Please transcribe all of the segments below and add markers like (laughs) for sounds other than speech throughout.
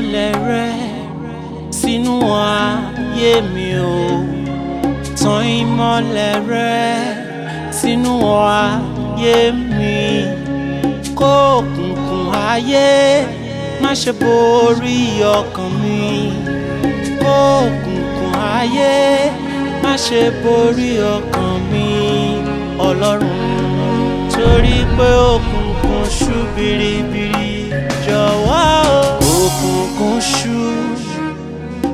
ìmọ́lẹ̀ rẹ sínú ayé mi o tan ìmọ́lẹ̀ rẹ sínú ayé mi kó òkùnkùn ayé má ṣe borí ọkàn mi kó òkùnkùn ayé má ṣe borí ọkàn mi ọlọ́run torí pé òkùnkùn ṣú biribiri jọ̀wọ́ o òkúnṣú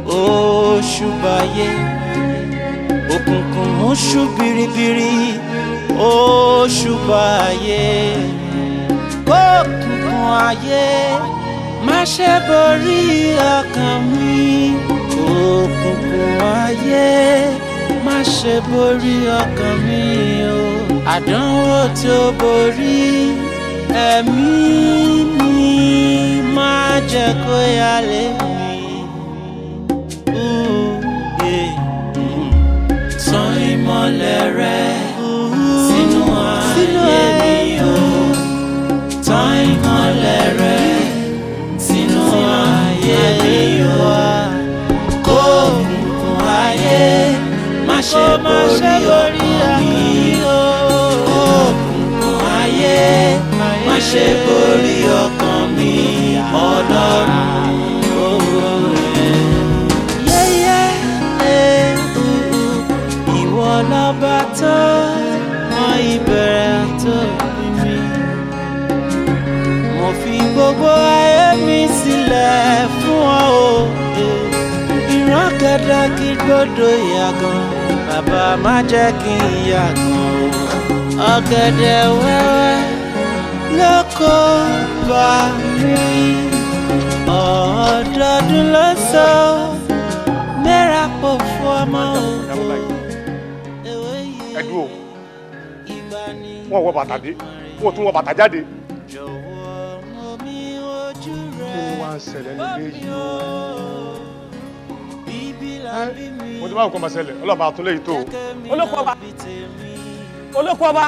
oṣù báyé òkùnkùn oṣù biribiri oṣù báyé òkùnkùn ayé má ṣe borí ọkàn mi òkùnkùn ayé má ṣe borí ọkàn mi o àdánwò tí ó borí ẹ̀mí mi máa jẹ́ kó yálé mi. Tan ìmọ̀lẹ̀ rẹ sínú ayé mi o. Tan ìmọ̀lẹ̀ rẹ sínú ayé mi o. Kó òkùnkùn ayé má ṣe borí ọkàn mi Kó òkùnkùn ayé ṣe borí ọkàn mi ọlọ́run. yẹ́yẹ́ eh, ìwọ lọ́ba tó mi. mo fi gbogbo ayé mi sílẹ̀ fún ọ o. ìran kẹdẹ kí gbọdọ̀ yàgàn bàbá má jẹ́ kí n yàgàn ọ̀gẹ̀dẹ̀ wẹ́wẹ́ kó bá mi ọ̀ọ́dọ́dún lọ́sọ̀ọ́ mẹ́ra pò fún ọmọ òkú. ẹ dúró wọn wọ bàtà dé wọn tún wọ bàtà jáde. kí ni wàá ń ṣẹlẹ̀ nílé yìí o. mo ti máa ń kọ́ máa ṣẹlẹ̀ ọlọ́pàá àtúnlẹ̀ yìí tó o. olùkọ́ wa olóko ọba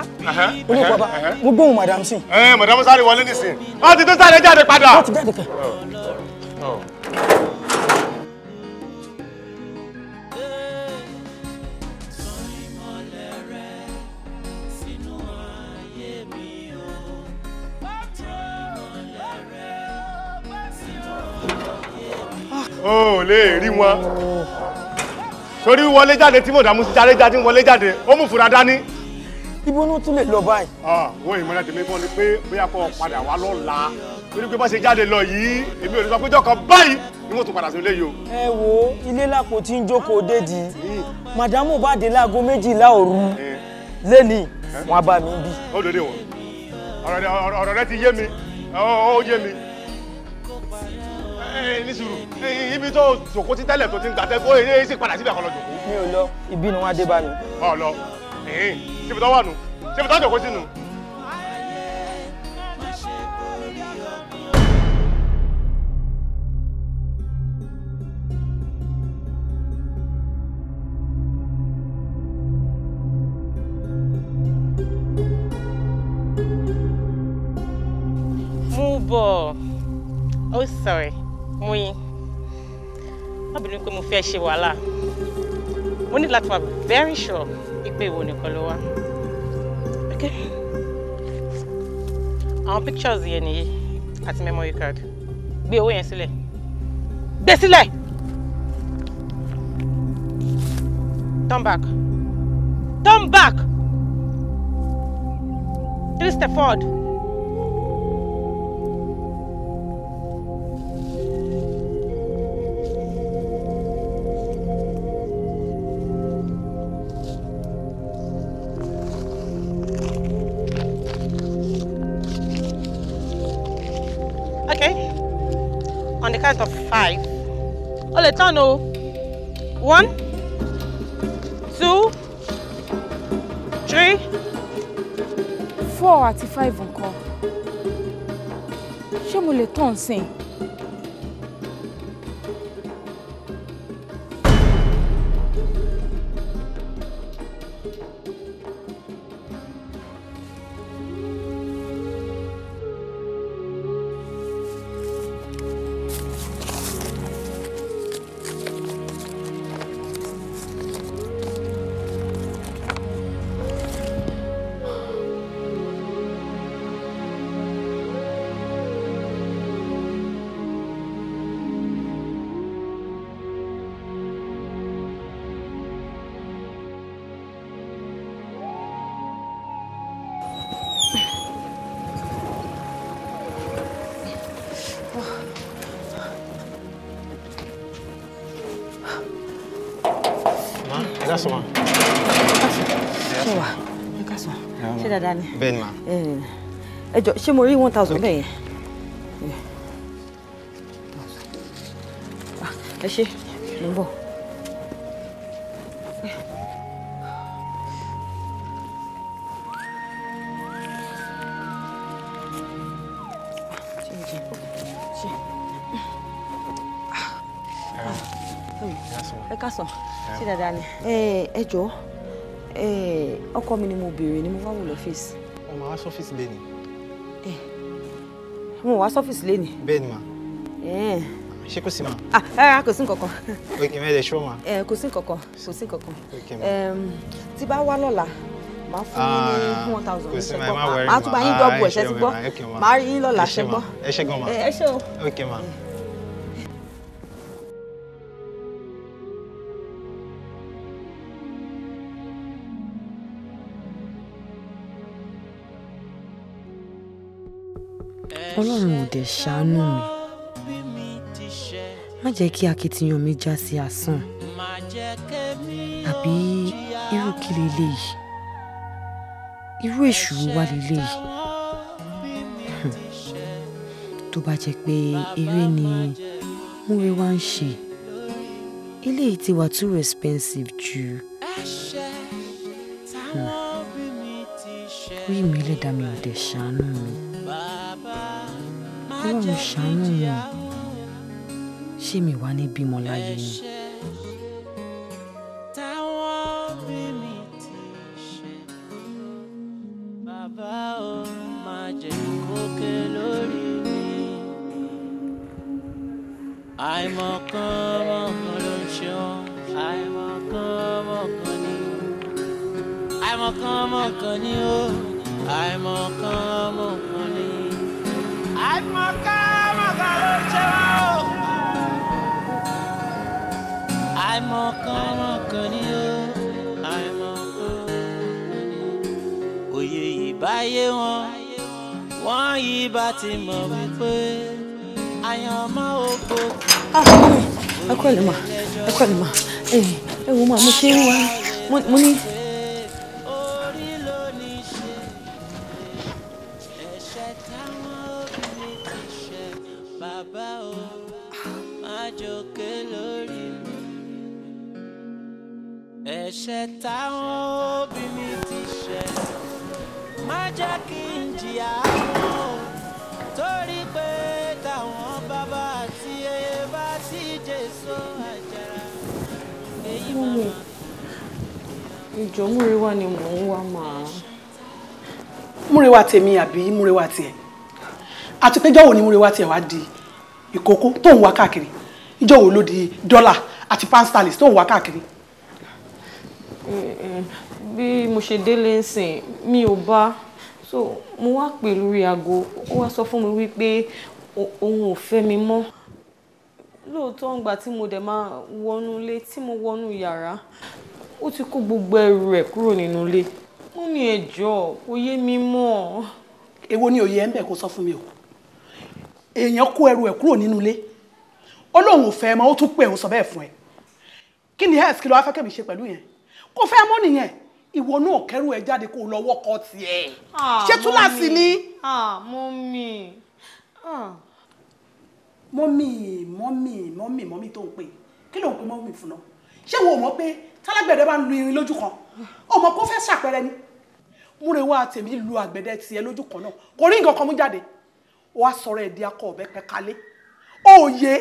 olóko mo gbóhùn madam sin. ẹ madam sáré wọlé nísìn wọn ti tó sáré jáde padà. wọn ti jáde kẹ. o lè rí wọn torí wọlé jáde tí mo dààmú sí jáde jáde wọlé jáde ó mú fura dání ibo ní tún lè lọ báyìí. Ah, wọ́n ìmọ̀lẹ́ tèmi kọ́ ni pé bóyá kọ́ padà wá lọ́la torí pé bá ṣe jáde lọ yìí èmi ò ní sọ pé jọ́kọ̀ báyìí ni wọ́n tún padà sí ilé yìí o. ẹ wo ilé lápò tí ń jókòó dédi màdámù bá dé láago méjìlá òru lẹ́nìí wọn bá mi bí. ó lóde wọn ọ̀rọ̀ rẹ ti yé mi ó yé mi ní sùúrù ibi tó jókòó ti tẹ́lẹ̀ tó ti ń gbàtẹ́ kó èyí sì padà síbẹ̀ kọ́ lọ mi ò lọ ibi ni wọ́n á dé bá mi. ọ̀ lọ ṣèbí tó wà nù ṣèbí tó jòkó sínú. bọ̀ oh sorry Muyi má bínú pé mo fẹ́ ṣe wàhálà mo ní láti very sure pé ìwọ nìkan ló wá àwọn pictures yẹn nìyí àti memory card gbé owó yẹn sílẹ̀ gbé sílẹ̀ turn back turn back Christopher. Turn oh. One, two, three, four àti five nǹkan. Ṣé mo lè tán sìn? bẹ́ẹ̀ ni ma. Eh. ẹ jọ ṣé mo rí one thousand bẹ́ẹ̀ yẹn. Eh. ẹ ṣe mo ń bọ̀. ẹ káàsán ṣé dáadáa ni. Eh. ẹ jọ ọkọ mi ni mo béèrè ni mo bá wò lọ́fíìsì wá sọ́fíìsì lẹ́ni. ẹ wọn ò wá sọ́fíìsì lẹ́ni. bẹ́ẹ̀ ni mà. Eh. ṣé kò sí mà. Ah, rárá kò sí nǹkankan. òkè mẹ́rin ṣọ́ mà. kò sí nǹkankan kò sí nǹkankan. tí bá wá lọ́la máa fún yín ní ah, one thousand ní ṣẹ́gbọ́n máa tún bá yín dọ́ọ̀bù ẹ̀ṣẹ́ ah, ti gbọ́ máa rí yín lọ́la ṣẹ́gbọ́n. ẹ ṣẹ́gbọ́n mà. Eh, ẹ ṣé o. òkè mà. ọlọ́run ò dẹ̀ ṣàánú mi má jẹ́ kí akitiyan mi já sí asán àbí irú kí leléyìí irú èṣù wà leléyìí tó bá jẹ́ pé eré ni múre wá ń ṣe eléyìí ti wà too expensive ju, rí mi lẹ́dàá mi ò dẹ̀ ṣàánú mi ọlọ́run ṣàánú mi ṣé mi wà ní bímọ láyé ni. jọ múrewá ni mò ń wá màá. múrewá tèmi àbí múrewá tiẹ̀ àti pé jọ́wọ́ ni múrewá tiẹ̀ wá di ìkókó tó ń wá káàkiri ìjọ́wọ́ ló di dọ́là àti pánstálì tó ń wá káàkiri. bí mo ṣe délé ń sìn mi ò bá so mo wá pè lórí aago ó wá sọ fún mi wípé òun ò fẹ́ mi mọ́ lóòótọ́ ìgbà tí mo dẹ̀ máa wọnú ilé tí mo wọnú yàrá ó ti kó gbogbo ẹrù rẹ̀ kúrò nínú ilé mú mi ẹ̀jọ́ òye mi mọ́. èwo ni òye ẹ̀ ń bẹ̀ kó sọ fún mi o èèyàn kó ẹrù ẹ̀ kúrò nínú ilé ó lóun ò fẹ́ mọ́ ó tún pè òun sọ bẹ́ẹ̀ fún ẹ kí ni health kí ló wá fẹ́ kẹ́mi ṣe pẹ̀lú yẹn kò fẹ́ mọ́ nìyẹn ìwọ náà kẹ́rù ẹ̀ jáde kó lọ́wọ́ kọ́ tiẹ̀ ah, ṣé túláàsì ni. mọ́mì ah, ah. mọ́mì mọ́mì mọ́mì mọ́mì tó ń pè kí ló ń pè mọ́mì fún náà ṣé wo mọ̀ pé tálágbẹ̀dẹ bá ń lu irin lójú kan ọmọ kó fẹ́ ṣàpẹrẹ ni múrewá tèmi lu àgbẹ̀dẹ tiẹ̀ lójú kan náà kò rí nǹkan kan mú jáde wàá sọ̀rọ̀ ẹ̀dí akọ ọ̀bẹ pẹ̀kalé òye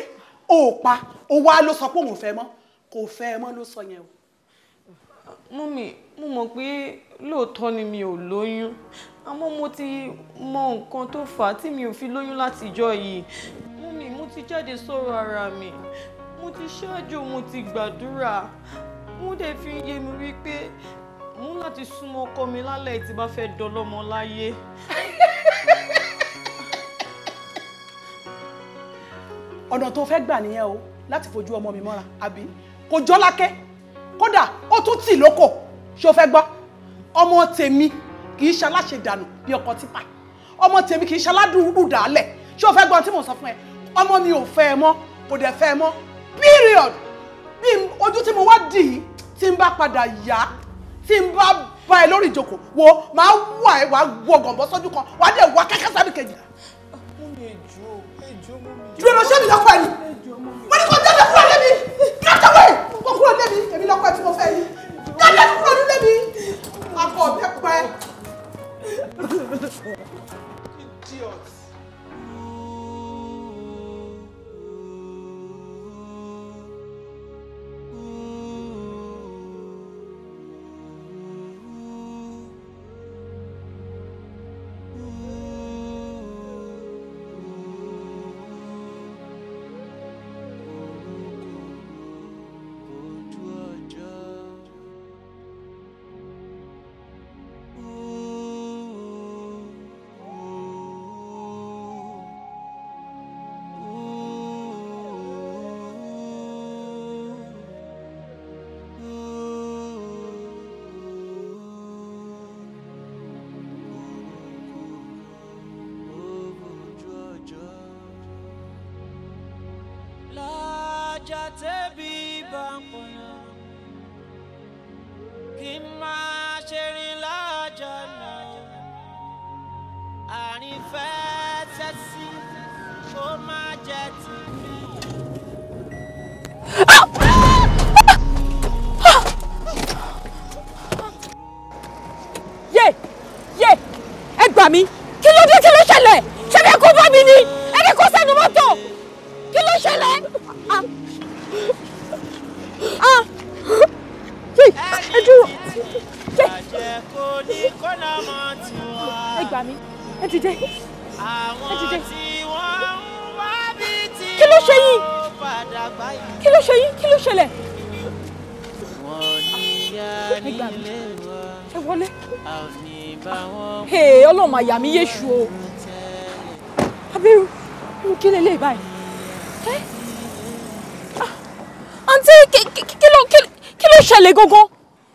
òpa òwa ló sọ pé òun fẹ́ mọ́ kò fẹ́ mọ́ ló sọ yẹn o. mọ́mì mo mọ̀ pé lóòótọ́ ni mi ò lóyún àmọ́ mo ti mọ nǹkan tó fà á tí mi ò fi lóyún látijọ́ yìí mọ́mì mo ti jáde sọ̀rọ̀ ara mi mo ti ṣáájú mo ti gbàdúrà wọ́n dẹ̀ fi ń yé mi wípé mú láti súnmọ́ ọkọ mi lálẹ́ tí bá fẹ́ dọlọ́mọ láyé. ọ̀nà tó fẹ́ gbà nìyẹn o láti fojú ọmọ mi mọ́ra àbí kò jọ lákẹ́ kódà ó tún tì lóko ṣó fẹ́ gbọ́ ọmọ tèmi kì í ṣaláṣe dànù bí ọkọ tipa ọmọ tèmi kì í ṣaládùúrù dàálẹ̀ ṣó fẹ́ gbọ́ tí mò ń sọ fún ẹ ọmọ mi ò fẹ́ ẹ mọ́ kò dẹ̀ fẹ́ ẹ mọ́ period padà yá tí n bá bá ẹ lórí ìjókòó wo máa wà ẹ wàá wọgàn bọ́ sọ́jú kan wàá dẹ̀ wá kẹ́kẹ́ sábì kejì. dúró lọ ṣé mi lọ́kọ̀ ẹ̀ ni mo ní kó jáde kúrò lébi get away kó kúrò lébi èmi lọ́kọ̀ ẹ̀ tí mo fẹ́ yìí jáde kúrò lébi akọ̀ ọ̀bẹ pẹ́. idiot. ilẹ̀ kò ní kó lọ mọ tiwa. ẹ gbà mí ẹ ti jẹ ẹ ti jẹ. àwọn tí wọ́n ń wá bí tí wọ́n padà báyìí. kí ló ṣe yín kí ló ṣẹlẹ̀. wọ́n níyà nílé wa. ẹ wọlé. àmì bá wọn. ọlọ́run àyà mi yé ṣu o. abẹ́rù irú kí lè lè báyìí. Ah, àǹtí kí ló ṣẹlẹ̀ gangan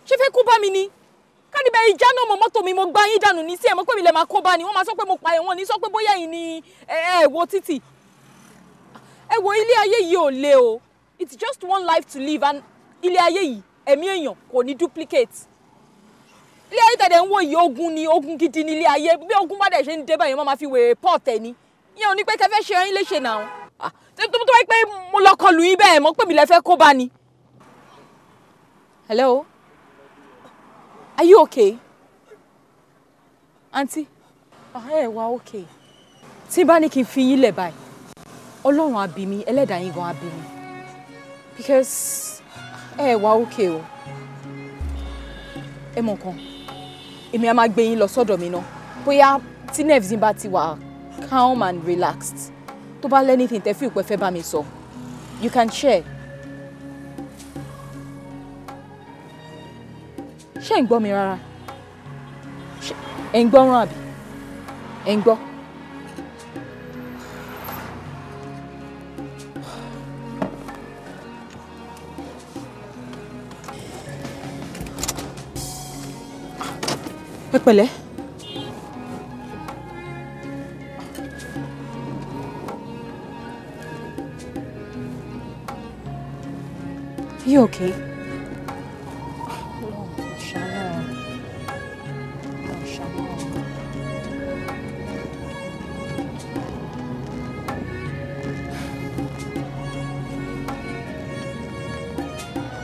ṣé fẹ́ kú bá mi ni kánibẹ̀ ìjà náà mọ mọ́tò mi mo gbá yín dànù ní sí ẹ̀ mọ́ pé mi lè máa kó bá ni wọ́n máa sọ pé mo pààyàn wọn ní sọ pé bóyá yìí ni ẹ títì ẹ ilé ayé yìí ò le o it's just one life to live and ilé ayé yìí ẹ̀mí èèyàn kò ní duplicate ilé ayé tẹ̀lé ń wò yìí ogun ni ogun gidi ni ilé ayé bí ogun bá dẹ̀ ṣe ń dé báyìí wọ́n máa fi wèé pọ́ọ̀t ẹ̀ ni ìyẹn ò ní pé kẹfẹ́ ṣe ẹyin léṣe náà ah, tó tó wáyé pé mo lọ kọlù yín bẹ́ẹ̀ mọ́ pé mi lẹ fẹ́ kó bá ni. hello. Are you okay? auntie? ọ̀hẹ́ ẹ̀ wá okay. Tí can feel kí n fi yín lẹ̀ báyìí, mi, ẹlẹ́dàá yín gan á bí mi. Because eh, wa okay o. Ẹ mọ̀ nǹkan, èmi á máa gbé yín lọ sọ́dọ̀ mi náà. Bóyá tí nerves yín bá ti wà calm and relaxed, tó bá lẹ́ni tí n tẹ́ fi ìpẹ́fẹ́ bá mi sọ, you can share. ṣé ń gbọ́ mi rárá ẹ̀ ń gbọ́ràn àbí ẹ̀ ń gbọ́. ẹ pẹ̀lẹ́. You okay?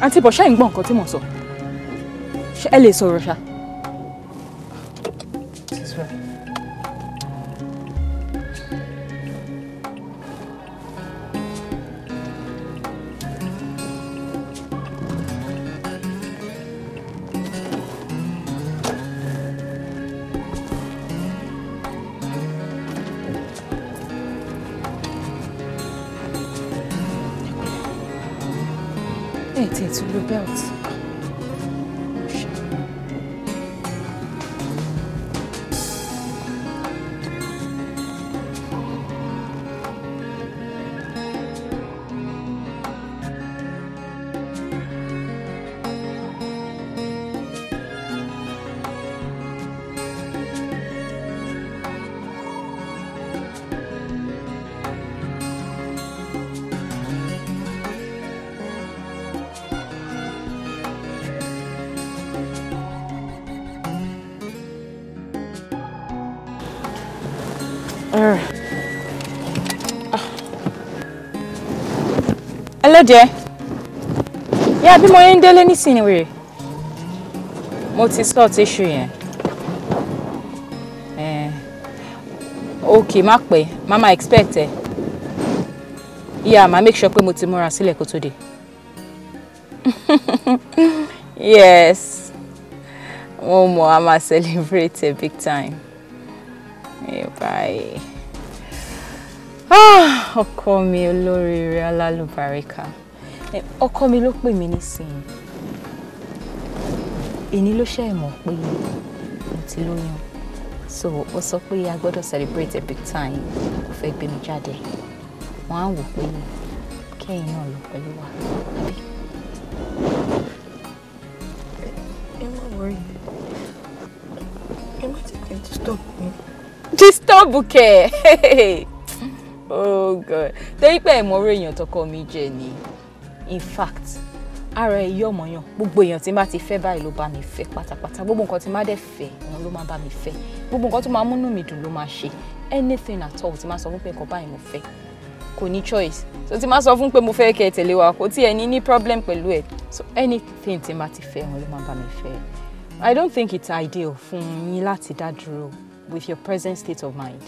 àǹtí bọ̀ ṣẹ́yìn gbọ́ nǹkan tí mo sọ ẹ lè sọ̀rọ̀ ṣáà. опять. Hello dear. Yeah, bí mo yẹn ń délé nísìnyí wèrè. Mo ti sort issue yẹn. Eh. Okay, má pẹ́. Mama expect ẹ. Yeah, ma make sure pé mo ti múra sílẹ̀ kó tó dé. (laughs) yes. Mo mọ̀, I'm a celebrate big time. bye. Ah, ọkọ mi olóríire alálùbáríkà ọkọ mi ló pè mí nísìnyí èní ló ṣe mọ̀ pé mo ti lóyún so ó sọ pé a gbọ́dọ̀ celebrate a big time kò fẹ́ gbé jáde wọ́n á wò pé kẹ́yìn náà lọ pẹ̀lú wa disturb mi. disturb kẹ oh god torí pé ẹ̀mọ́ orí èèyàn tọkọ mi jẹ ni in fact ara ẹ̀ yí ọmọyàn gbogbo èèyàn tí n bá ti fẹ́ báyìí ló bá mi fẹ́ pátápátá gbogbo nǹkan tí n bá dẹ̀ fẹ́ òun ló máa bá mi fẹ́ gbogbo nǹkan tó máa múnú mi dùn ló máa ṣe anything at all tí n máa sọ fún pé nǹkan báyìí mo fẹ́ kò ní choice so tí n máa sọ fún pé mo fẹ́ kẹ́ ẹ tẹ̀lé wa kò tí ẹ ní problem pẹ̀lú ẹ so anything tí n bá ti fẹ́ òun ló máa bá mi fẹ́ I don't think it's ideal fún yín láti dá dúró with your present state of mind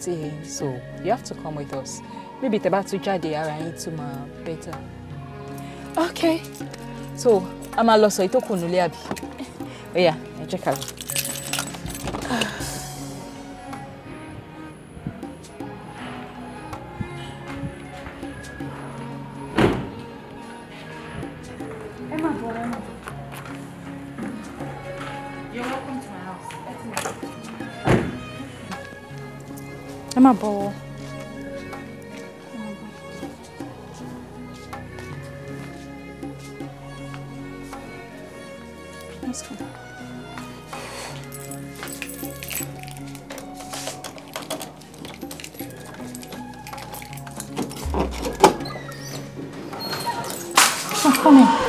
18 so you have to come with us maybe tẹ́ bá tún jáde ara yín tún máa better okay so a máa lọ sọ ìtòkùnú lé àbí (laughs) ó yá ẹ (sighs) my bowl. That's Come here.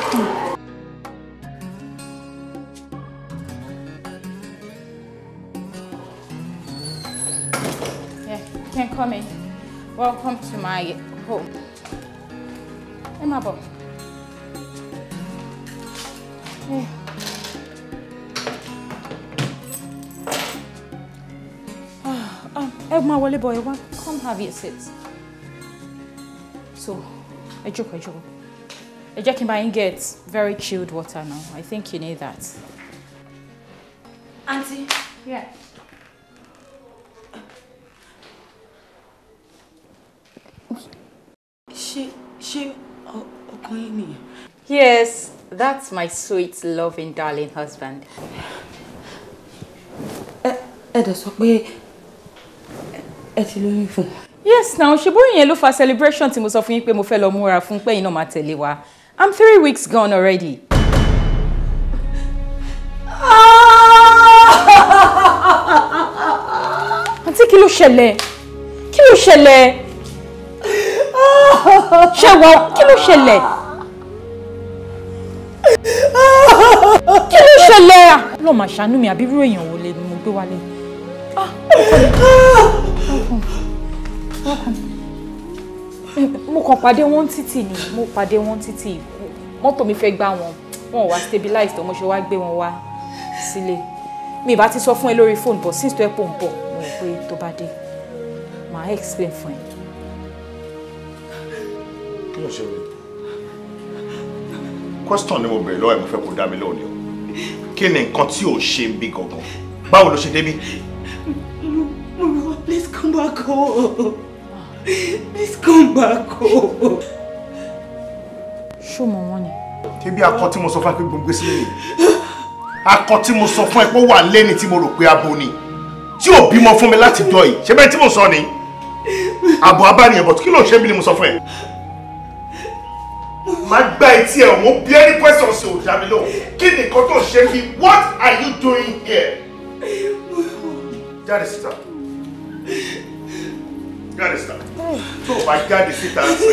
Welcome to my home. Emma Bob. Hey. Oh, ah, um, Emma Wally boy, come have your seat. So, a joke, a joke. A joke in my gets very chilled water now. I think you need that. Auntie. Yeah. That's my sweet, loving, darling husband. Ẹ dẹ̀ sọ pé Yes, now she yẹn ló for celebration tí mo sọ fún yín pé mo fẹ́ lọ múra fún pẹ́yìn náà máa tẹ̀lé wa. I'm three weeks gone already. (laughs) Àǹtí kí ló ṣẹlẹ̀? Kí ló ṣẹlẹ̀? Ṣẹ̀wọ̀ kí ló ṣẹlẹ̀? kí ló ṣẹlẹ̀ à. lọ́ọ́ máa ṣàánú mi àbí irú èèyàn wo lè mú gbé wálé. Ah! mo kàn pàdé wọn títì ni mo pàdé wọn títì mọ́tò mi fẹ́ gbá wọn wọn ò wá stabilize tó mo ṣe wá gbé wọn wá sílé mi ìbá ti sọ fún ẹ lórí fóònù bọ̀ since tó ẹ pò ń bọ̀ mo rò pé tó bá dé màá explain fún ẹ. kí ló ṣe wí question ni mo bèrè lọ́wọ́ ẹ̀ mo fẹ́ kó dá mi lóòní o kí ni nǹkan tí ò ṣe bí gangan báwo ló ṣe débí. please come back home. Please come back home. Ṣó mọ wọn ni? Ṣé bí akọ tí mo sọ fún ẹ pé gbogbo sílé ni? Akọ tí mo sọ fún ẹ pé ó wà lẹ́ni tí mo rò pé abo ni. Tí ò bímọ fún mi láti jọ yìí. Ṣé bẹ́ẹ̀ tí mo sọ ni? Àbọ̀ abániyẹ̀bọ̀ kí ló ṣe bí ni mo sọ fún ẹ? máa gba etí ẹ̀ wọ́n bí ẹni question sí òjá mi lóhùn kí ni nǹkan tó ṣe fi what are you doing here? jáde síta jáde síta tó o bá jáde síta sí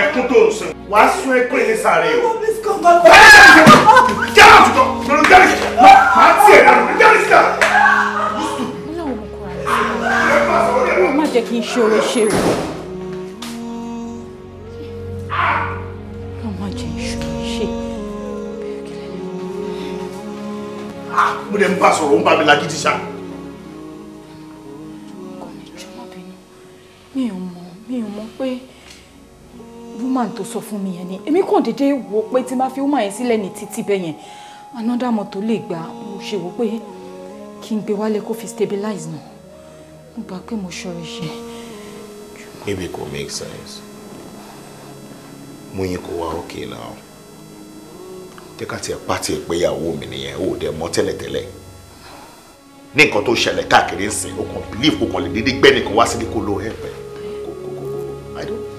ẹkún tó o sùn wà á sún ẹkún yìí sáré o. jáde síta lọ́nà jáde síta máa tiẹ̀ lánàá jáde síta. Má jẹ́ kí n ṣe oore ṣe o. Ah! má jẹ iṣu ṣe. mo dẹ̀ ń bá sọ̀rọ̀ ń bá mi lágídí mi ò mi ò mọ pé woman tó sọ mi yẹn ni èmi kàn déédéé wò ó pé fi woman yẹn sílẹ̀ ní títí bẹ́ẹ̀ yẹn another motor lè gbà mo ṣe wò ó pé kí fi stabilize náà mo gbà mo ṣọrẹ ṣe. maybe it go make sense. Múyìn kò wá òkè náà jẹ́ ká tiẹ̀ pa tiẹ̀ pé ìyàwó mi nìyẹn ò dẹ̀ mọ́ tẹ́lẹ̀tẹ́lẹ̀ ní nǹkan tó ṣẹlẹ̀ káàkiri ń sìn ó kàn believe kò kàn lè dédé gbẹ́nìkan wá sílé kó ló hẹ́pẹ́ kò kò kò I don't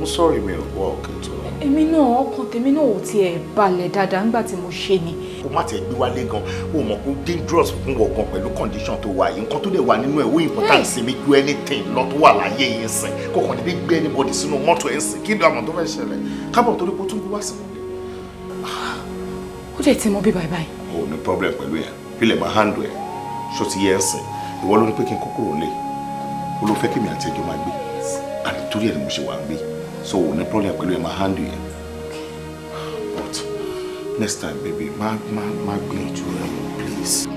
I'm sorry, èmi ò wọ ọ̀kẹ́ tó. èmi náà ọkàn tèmi náà ò tiẹ̀ balẹ̀ dáadáa nígbà tí mo ṣe ni. o má tiẹ̀ gbé wálé gan o mọ̀ kó dangerous fún wọ gan pẹ̀lú condition to wà yìí nǹkan tó lè wà nínú ẹ̀ ó important sí mi ju anything lọ tó wà láyé yìí sìn kò kàn dédé gbé anybody sínú mọ́tò ẹ̀ sìn kí ni àmọ̀ tó fẹ́ ṣẹlẹ̀ kábọ̀ torí pé ó tún gbé wá sí mi. ó dẹ̀ ti mọ bí báyìí báyìí. o ní problem pẹ̀lú yẹn ilẹ̀ máa handle ẹ̀ ṣó ti yẹ ẹ̀ sìn ìwọ ló ní pé kí n kókòrò lé o ló fẹ́ kí mi àti ẹjọ́ máa gbé àti torí ẹ̀ ni mo ṣe wà ń So, no problem, pẹ̀lú ẹ máa handle yẹn. But next time, baby, ma, ma, ma, please.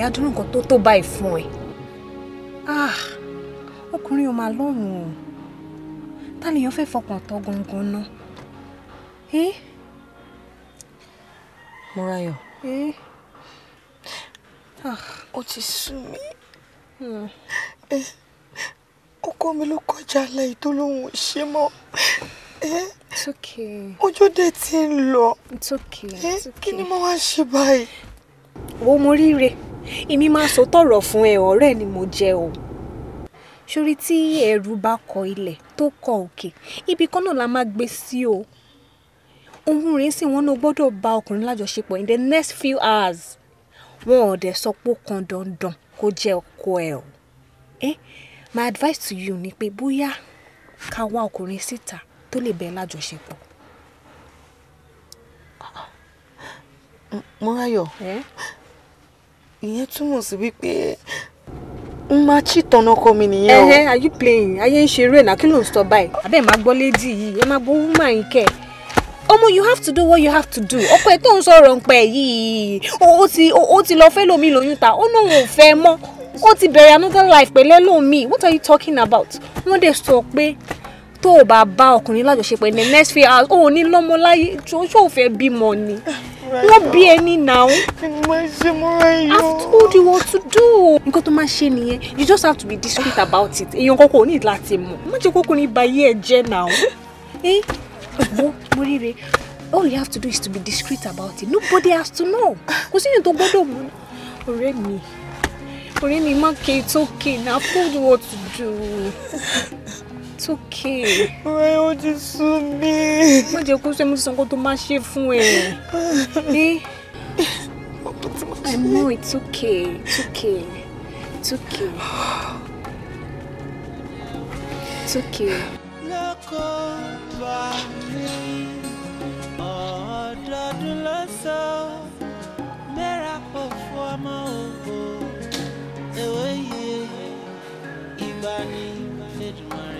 béèrè adúrú nǹkan tó tó báyìí fún ẹ ah, ọkùnrin ò máa lọ́rùn o ta lèèyàn fẹ́ fọkàn tọ́ gangan ná. Mọ́ráyọ̀ ah, ó ti sú mi hmm. ọkọ mi ló kọjá láì tó lóun ò ṣe mọ́ ojú dé ti ń lọ kí ni mo wá ṣe báyìí. wo mo ríire èmi máa sọ tọrọ fún ẹ ọ̀rẹ́ ni mo jẹ o sórí tí ẹrù bá kọ ilẹ̀ tó kọ òkè ibì kan náà la máa gbé sí o ohun rèé sì wọn náà gbọ́dọ̀ bá ọkùnrin lájọṣepọ̀ in the next few hours wọn ò dẹ̀ sọ pé kan dandan kó jẹ́ ọkọ ẹ o eh my advice to you ni pé bóyá ká wá ọkùnrin síta tó lè bẹ́ẹ̀ lájọṣepọ̀. Mọ́ráyọ̀. Eh? ìyẹn túmọ̀ sí wípé n máa chí tọ̀nà ọkọ mi nìyẹn o. ẹhẹ are you playing ayé ń ṣe eré náà kí ló ń sọ báyìí abẹ́ ẹ̀ máa gbọ́ lédi yìí ẹ máa bọ́ wúmà yín kẹ́ ẹ̀ ọmọ you have to do what you have to do ọkọ ẹ tó ń sọ̀rọ̀ ń pẹ́ yìí ó ti ó ti lọ fẹ́ lómi lóyún ta ó náà ò fẹ́ mọ́ ó ti bẹ̀rẹ̀ another life pẹ̀lẹ́ lómi what are you talking about wọ́n dẹ̀ sọ pé tó o bá bá ọkùnrin lájọṣepọ̀ in next few hours o ò lọ́mọ láyé ṣó o fẹ́ bímọ ni wọ́n bí ẹni náà. I've told you what to do. nǹkan tó máa ṣe nìyẹn you just have to be discreet about it èèyàn kọ́kọ́ ò ní láti mọ̀ má jẹ́ kókùnrin ba yé ẹ jẹ́ náà. ẹ eh? wo mo ríre all you have to do is to be discreet about it nobody has to know kò sí èèyàn tó gbọ́dọ̀ mọ̀ ọ̀rẹ́ mi ọ̀rẹ́ mi má ké it's okay na I told you what to do it's okay. ọ̀rẹ́ ó ti sú mi. má jẹ́ kó ṣe mú sanko tó máa ṣe fún ẹ. I know it's okay it's okay it's okay it's okay. lọ́kọ̀ bá mi ọ̀ọ́dọ́dún lọ́sọ̀ọ́ mẹ́ra pọ̀ fún ọmọ òbò ewé yìí ìgbani. Edmund.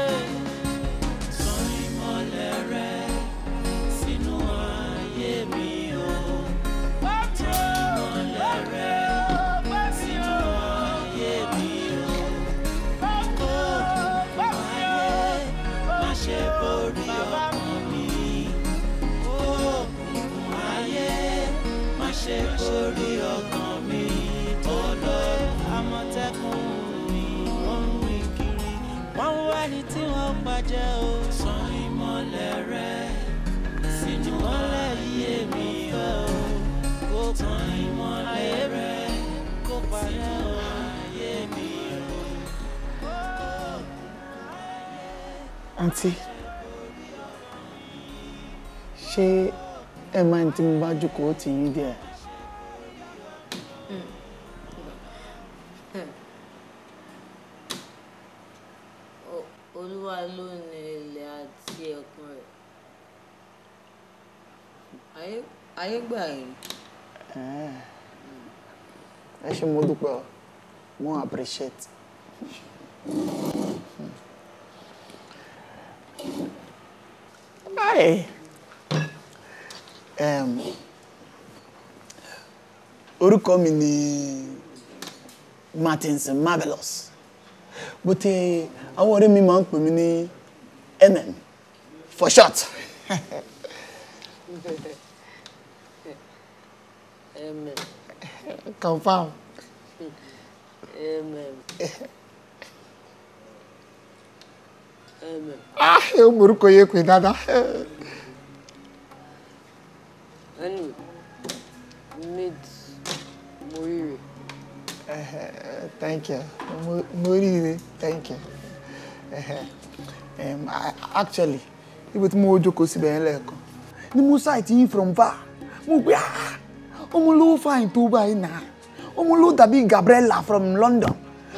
jẹ́ o. Tan ìmọ̀lẹ̀ rẹ sínú mọ́lẹ̀ yé mi fẹ́ o. Kó tan ìmọ̀lẹ̀ rẹ kó parẹ́ o. Àǹtí, ṣé ẹ máa ń tí mo bá jókòó tì yín díẹ̀? nígbà yẹn. Ah. ẹ ṣe mo dúpẹ́ o mo appreciate. Hi. Um, orúkọ mi ni Martinson Marvelous bó ti àwọn ọ̀rẹ́ mi máa ń pè mí ní mm for short. (laughs) Amen. Confirm. Amen. Amen. Ah, eu moro ye ele, cuidado. Anyway, mid, Moriri. Uh, eh, thank you. Moriri, thank you. Uh, um, actually, ibi tí mo jókòó síbẹ̀ yẹn lẹ́ẹ̀kan ni mo ṣàìtì yín from far mo gbé ah omulu fine tó báyìí náà omulu dàbí Gabriella from London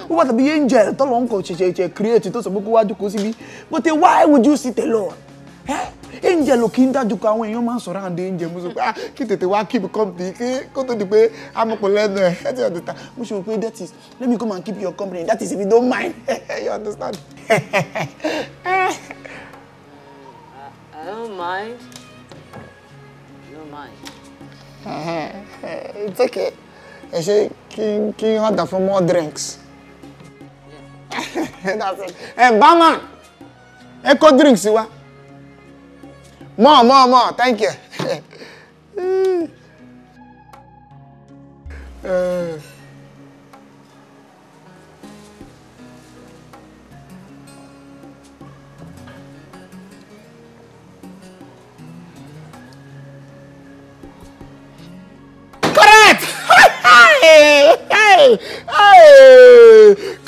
wọ́n bá tàbí angel tọ́lọ̀ ń kọ̀ ṣẹ̀ṣẹ̀ṣẹ̀ create tó sọ pé kó wá jókòó síbí but eh, why would you sit alone eh? angel ò kí ń dájú kọ àwọn èèyàn máa ń sọ̀rọ̀ àǹdè angel mo sọ pé ah kí tètè wá keep company kí kó tó di pé amọ̀pọ̀ lẹ́nu ẹ̀ ti ọ̀dọ̀ ta mo ṣe wò that is let me come and keep your company that is if you don't mind (laughs) you understand. (laughs) I, I don't mind. I don't mind. Eh, it's okay. I say, can, can you order for more drinks? (laughs) That's it. Hey, eh, barman! Echo drinks, you want? More, more, more. Thank you. uh. (laughs)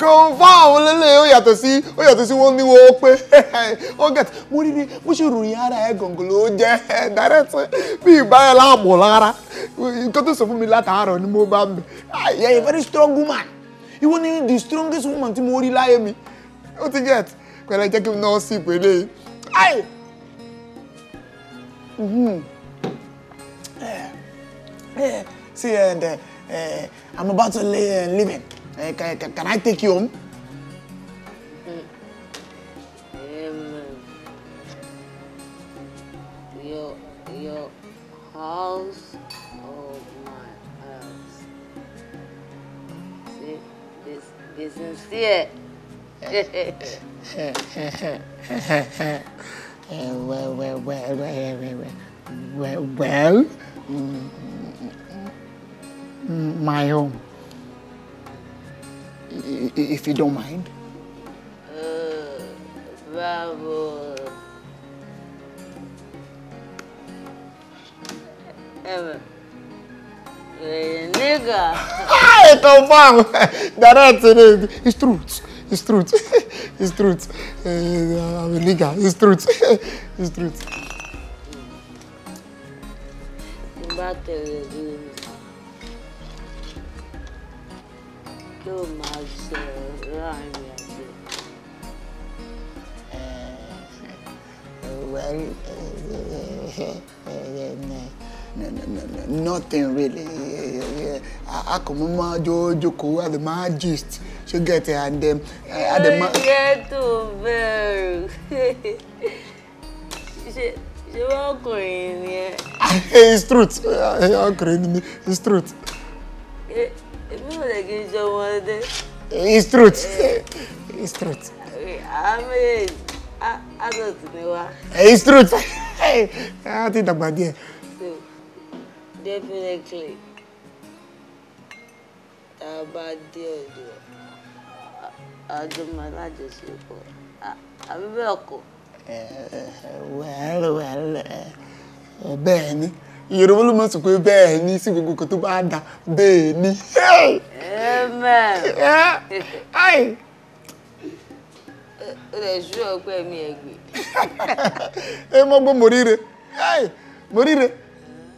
kò fá àwọn lélẹ̀ ó yàtọ̀ sí ó yàtọ̀ sí wọ́n níwò ó pé (laughs) ó gẹ̀t mo rí ni bó ṣe ròyìn ara ẹ̀ gàngàn ló jẹ́ direct bí ìbára láàmú lára nǹkan tó sọ fún mi látàárọ̀ ni mo bá ń bẹ̀ ah, yẹ a very strong woman ìwọ ni the strongest woman tí mo rí láyé mi ó ti gẹ̀t pẹ̀lẹ́ jẹ́ kí n náà sí ìpele yìí. Mm-hmm. Eh, eh, see, and uh, uh, I'm about to uh, leave him. Uh, can, can, I take you home? Um, your, your house or my house? See, this, this sincere. well, well, well, well, well, well. well. my home. If you don't mind. Uh, bravo. Ever. Nigga. Hey, come on. That's it. It's truth. It's truth. It's truth. Uh, I'm a nigga. It's truth. It's truth. Battery. Well, nothing really. Akọ̀mọ́mọ́ jókòó wà lè máa gist ṣó gẹ̀tẹ̀ and then. Yóò yẹ tó bẹ̀rù. Ṣé wọ́n ni ẹ? (laughs) It's truth. Ọkùnrin ni It's truth èmi ò lè kí n jọ wọn dé. it's truth it's truth. àmì adult ni wa. it's truth a ti dàgbà díẹ̀. so definitely tá a bá dé ọ̀dọ̀ àjọmọ̀ alájọṣepọ̀ àbí bẹ́ẹ̀ kọ́. Eh, eh, eh, well well eh, ni. Yorùbá ló mọ̀ sọ pé bẹ́ẹ̀ ni sí gbogbo kan tó bá dà bẹ́ẹ̀ ni. mi (laughs) eh, ẹ̀gbẹ́. ẹ (laughs) mọ gbọ́ mo ríre mo ríre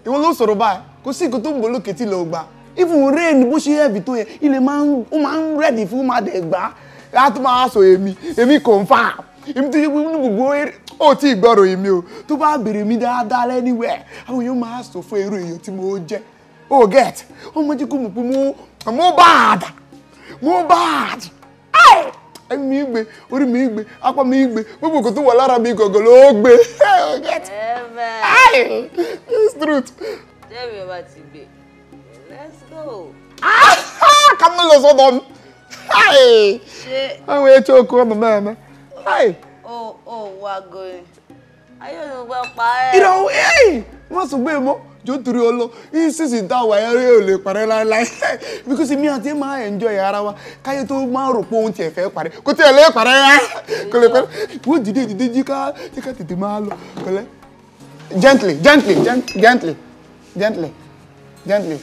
ìwọ ló sọ̀rọ̀ báyìí kò sí nǹkan tó ń bọ̀ lókè tí lọ́ọ́ gbà even rain bó ṣe heavy tó yẹ ilẹ̀ máa ń rẹ́ẹ̀dì fún máa dẹ̀ gbà á tó máa sọ èmi èmi confirm èmi tó yẹ pé nínú gbogbo eré ó tí ì gbọ́rọ̀ èmi o tó bá béèrè mi dáadáa lẹ́niwẹ̀ àwọn èèyàn máa sọ fún irú èèyàn tí mo jẹ́ o get ọmọ jẹ́ kó mọ̀ pé mo mo bad mo bad ẹ̀mí mi gbé orí mi gbé apá mi gbé gbogbo kò tó wà lára mi gọ̀gọ̀ ló gbé o get it's truth. jẹ́mi ọba ti gbé let's go. ká mú lọ sọ́dọ̀ mi. ṣé àwọn ètò okòó ọmọ mẹ́rin náà. Hi. Oh, oh, what going? Ayé ló gbọ́ pa ẹ́. Ìrọ̀ ẹ̀yìn wọ́n sùn gbé mọ́ jó torí ọlọ yìí sísì táwa ẹ̀rọ yóò lè parẹ́ láéláé (laughs) because mi àti máa enjoy ara wa káyé tó máa rò pé òun tiẹ̀ fẹ́ parẹ́ kó tiẹ̀ lè parẹ́ rá kò lè parẹ́ wọ́n dìde dìde jí ká jí ká tètè máa gently gently gently gently gently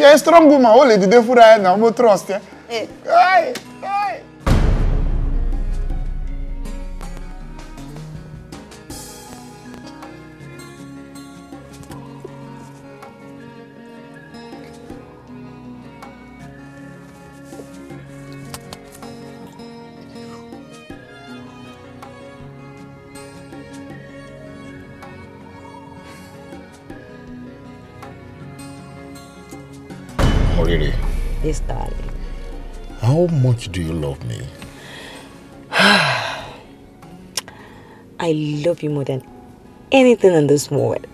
yẹ strong woman ó lè dìde fúnra ẹ̀ trust mo eh. Hey. ẹ. Olere. Yes, darling. How much do you love me? (sighs) I love you more than anything in this world.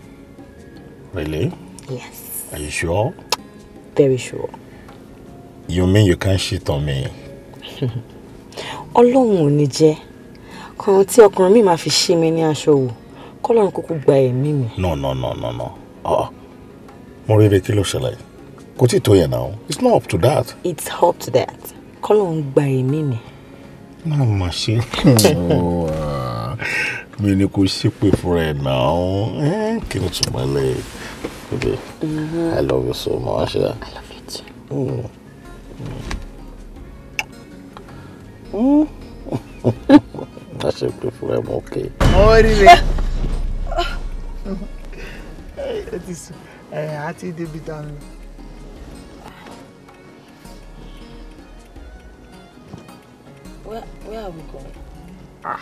Really? Yes. Are you sure? Very sure. You mean you can't shit on me? (laughs) Ọlọ́run ò ní jẹ́ kan tí ọkùnrin mi máa fi ṣí mi ní aṣọ wò kọ́lọ́run gba ẹ̀mí mi. No no no no no. Ah, ah. Mo rí rẹ kí ló ṣẹlẹ̀ yìí kò tí ì tó yẹn náà it's not up to that. it's up to that kọ́lọ̀ ń gba ẹ̀mí mi. náà mà ṣe (laughs) (laughs) mi ni kò ṣépè fúnra ẹ̀ náà eh, kí ni tùmọ̀ ẹ lẹ́yìn mm-hmm. i love you so much. i love you too. Mm. Mm. I should pray for him, okay. Oh, really? That is, uh, I think they be Ah,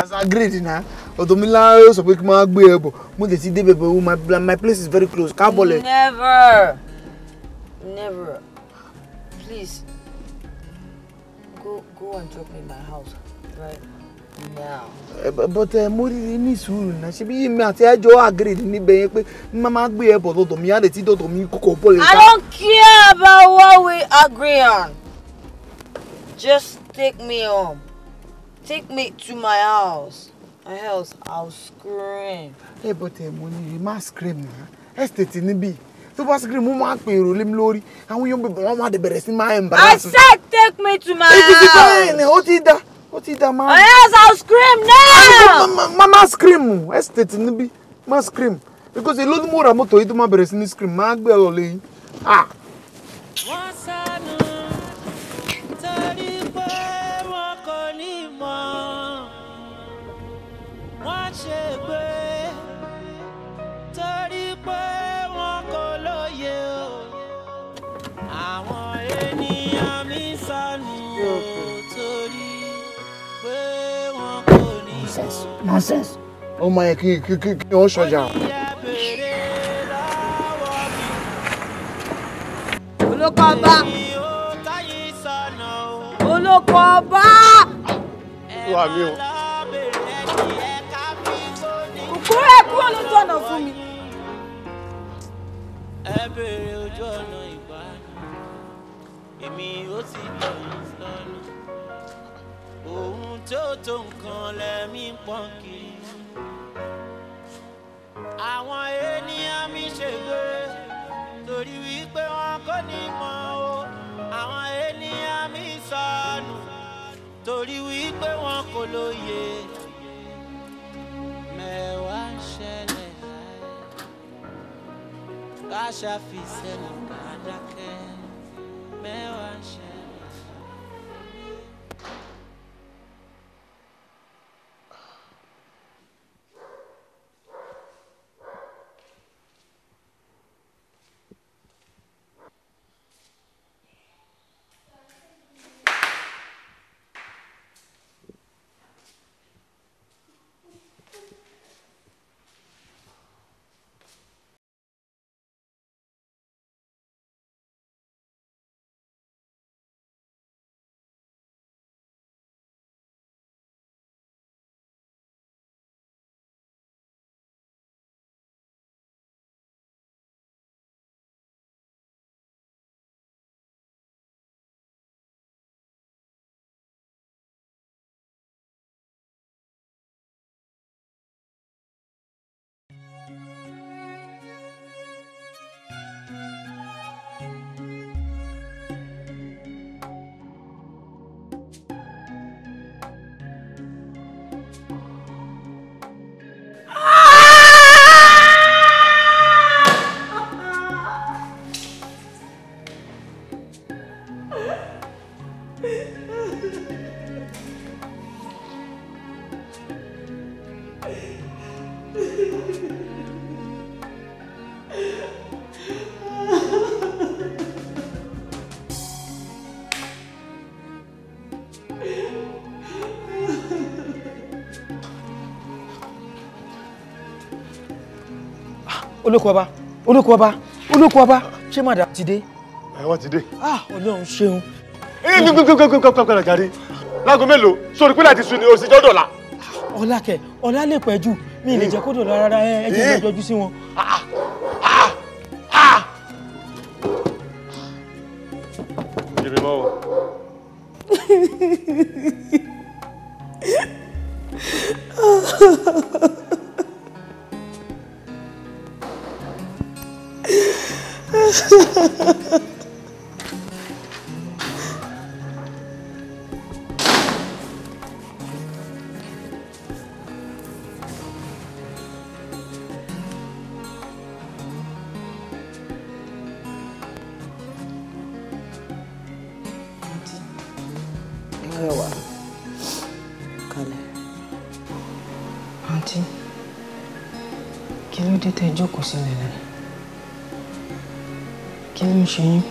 as agreed na Ọ̀túnmílà yóò sọ pé kí n máa gbé ẹ bọ̀ mo my my place is very close kábọ̀lẹ̀. never never please go go and drop me in my house right now. Eh, but eh, mo rí i ní sùúrù náà ṣebí mi àti ẹjọ́ agreed níbẹ̀ yẹn pé má má gbé ẹ bọ̀ dọ̀dọ̀ mi á lè ti I don't care about what we agree on just Take me home. Take me to my house. My house. I'll scream. Hey, but uh, mo ní má scream náà. Estate níbí. Tó bá scream, mo máa ń pè èrò lé mi lórí. Àwọn yóò bẹ̀rẹ̀ wọ́n máa dẹ̀ bẹ̀rẹ̀ sí máa embarrass I said take me to my house. Ibi ti báyìí ni ó ti dá. Ó ti dá máa. I'll scream now. Mama, má scream. Estate níbí. Must scream. Because a lot more ra mọ́tò yìí tó máa bẹ̀rẹ̀ sí ní scream. Má gbé Ah. What's up? wọ́n ṣe pé torí pé wọn kò lóye o àwọn ènìyàn mi sọnù o torí pé wọn kò ní o. nonsense nonsense ọmọ yẹn kí kí kí kí wọ́n ṣọjà. olóko ọba olóko ọba. wà mí o kúrò ẹ kúrò lójú ọ̀nà fún mi. ẹ bèrè ojú ọ̀nà ìbánu èmi ó ti lọ lọ́nà ohun tó tó nǹkan lẹ́mí pọ́n kiri àwọn ènìyàn mi ṣègbè torí wípé wọn kò ní mọ̀ o àwọn ènìyàn mi sọnù torí wípé wọn kò lóye. ẹ wá ṣẹlẹ̀ olóko ọba olóko ọba olóko ọba ṣé màdà ti dé. ẹ wọ́n ti dé. ah ọlọ́run ṣeun. ee gbẹgbẹgbẹgbẹgbẹgbẹ gàdí láago mélòó sórí pínlẹ̀ ti sun ni òsì jọ́dọ̀ la. ọlákẹ ọlá lè pẹ́ jù mi lè eh. jẹ́ kó dọ̀la rárá ẹ jẹ́ eh. kó yọjú sí wọn. jìbì mọ́ o. Ha ha ha ha. Mẹ́wàá. Kalẹ̀. Àǹtí, kí ló dé tẹ́ j o k ò ó sílẹ̀ n á kí ló ń ṣe yín.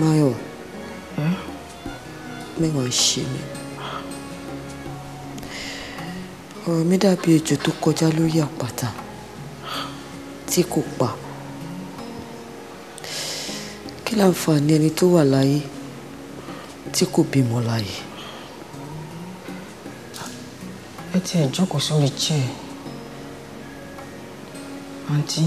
Máyọ̀ mẹ́wàá ń ṣe mi ọ̀rọ̀ mi dàbí ejò tó kọjá lórí àpáta tí kò pa kí láǹfààní ẹni tó wà láyé tí kò bímọ láàyè. ẹ tiẹ̀ jókòó sórí chair àǹtí.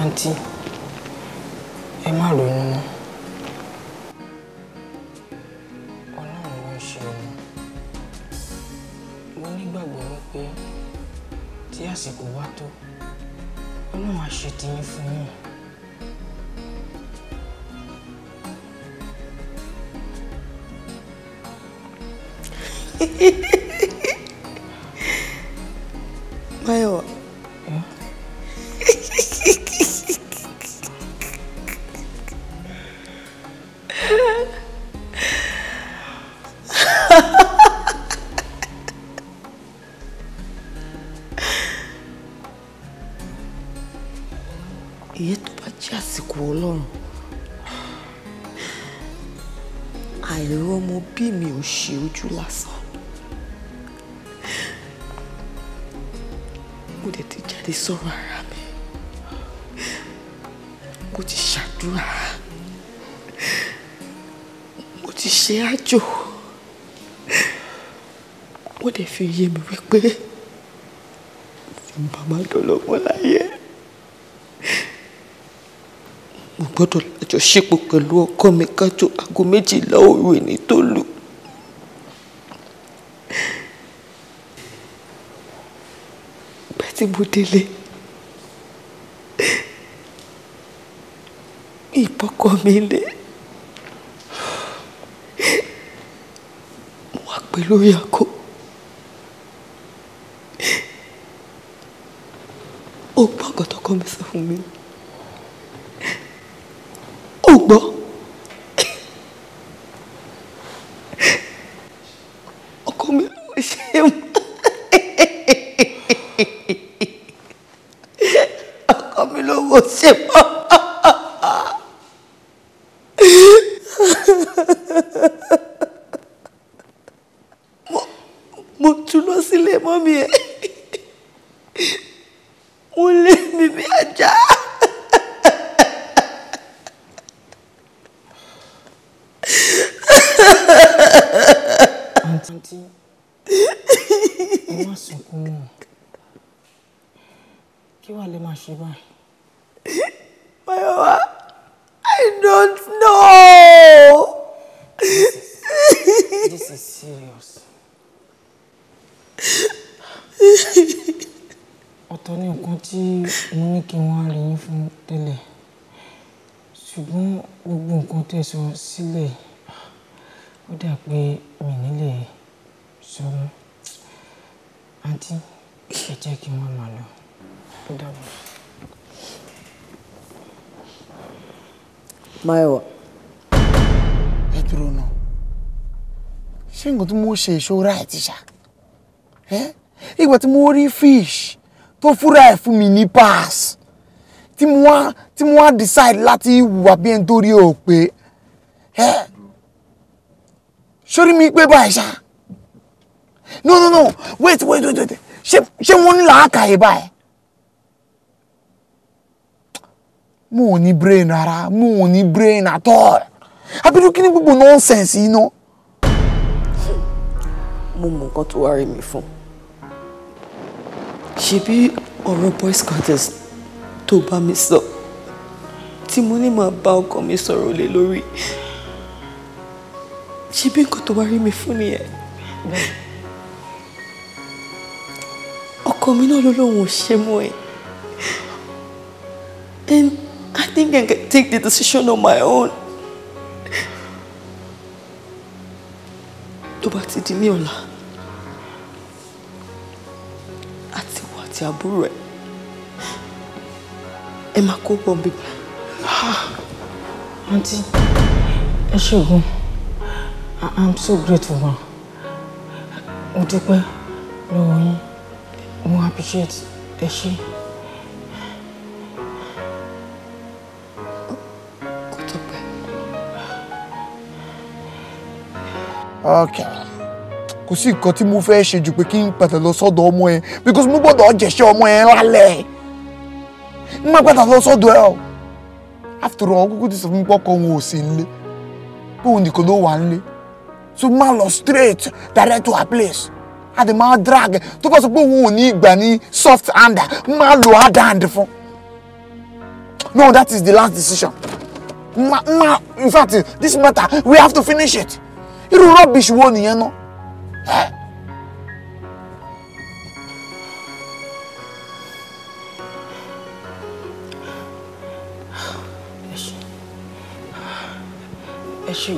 àǹtí ẹ má ronú mọ́. ọlọ́run ló ń ṣe ọmọ mo nígbàgbọ́ wípé tí àsìkò wá tó ọlọ́run àṣetì yín fún yín. Hehehe (laughs) ojú lásán mo dẹ̀ ti jáde sọ̀rọ̀ ara mi mo ti ṣàdúrà mo ti ṣe àjò mo dẹ̀ fi yé mi wípé mo bá má dọ̀lọ́gbọ́n láyé mo gbọ́dọ̀ lájọṣepọ̀ pẹ̀lú ọkọ mi kájọ aago méjìlá òru èní tó tí mo délé ìbọ́kọ mi lé mo wà pẹ̀lú yàgò ó mi sọ kò sí mọ́. mo túná sílé mọ́mí ẹ̀ wọ́n lé mi bí ajá. àǹtí ẹ má sunkún mọ́ kí wàá lè máa ṣe báyìí. tí mo ní kí n wá rí yín fún tẹ́lẹ̀. Ṣùgbọ́n gbogbo nǹkan tí ẹ sọ sílẹ̀, ó dà pé mi ò ní lè sọ mọ́. Aunty, ẹ jẹ́ kí n wá máa lọ. Ó dàbọ̀. Máyọ̀wá. Ẹ dúró ná. Ṣé nǹkan tí mo ṣe ìṣó right ṣá? ìgbà tí mo rí fish tó fúnra ẹ̀ fún mi ní pass tí mo wá tí mo wá decide láti wùwà bí ẹni tó rí pé ẹ sórí mi pé báyìí ṣá no no no wait wait wait wait ṣé ṣé wọ́n ní làákàyè báyìí mo ò ní brain rárá mo ò ní brain at all abiru kí ni gbogbo nonsense yìí ná. mo mọ nǹkan tó wá rí mi fún ṣebí ọ̀rọ̀ boys contest tó bá mi sọ tí mo ní máa bá ọkọ mi sọ̀rọ̀ lé lórí ṣebí nǹkan tó wá rí mi fún nìyẹn ọkọ mi náà ló lóun ò ṣe mọ́ ẹ and I think I can take the decision on my own. tó bá ti di ní ọ̀la. àti àbúrò ẹ̀ ẹ máa kó bọ̀ bíbá. àǹtí ah, ẹ ṣègùn i'm so grateful ma mo dúpẹ́ lọ́wọ́ yín mo appreciate ẹ ṣé. Okay kò sí nǹkan tí mo fẹ́ ṣe jù pé kí n pàtàkì lọ sọ́dọ̀ ọmọ ẹ because mo gbọ́dọ̀ jẹ̀ṣẹ́ ọmọ ẹ lálẹ́ n má pàtàkì lọ sọ́dọ̀ ẹ o after all kúkú ti sọ fún mi pọ́kọ òun ò sí nílé pé nìkan ló wà nílé so má lọ straight direct to her place àti má drag tó bá sọ pé òun ò ní ìgbà ní soft hand má lo hard hand fún no that is the last decision ma ma in fact this matter we have to finish it irú rubbish wo nìyẹn náà. 没事，没事。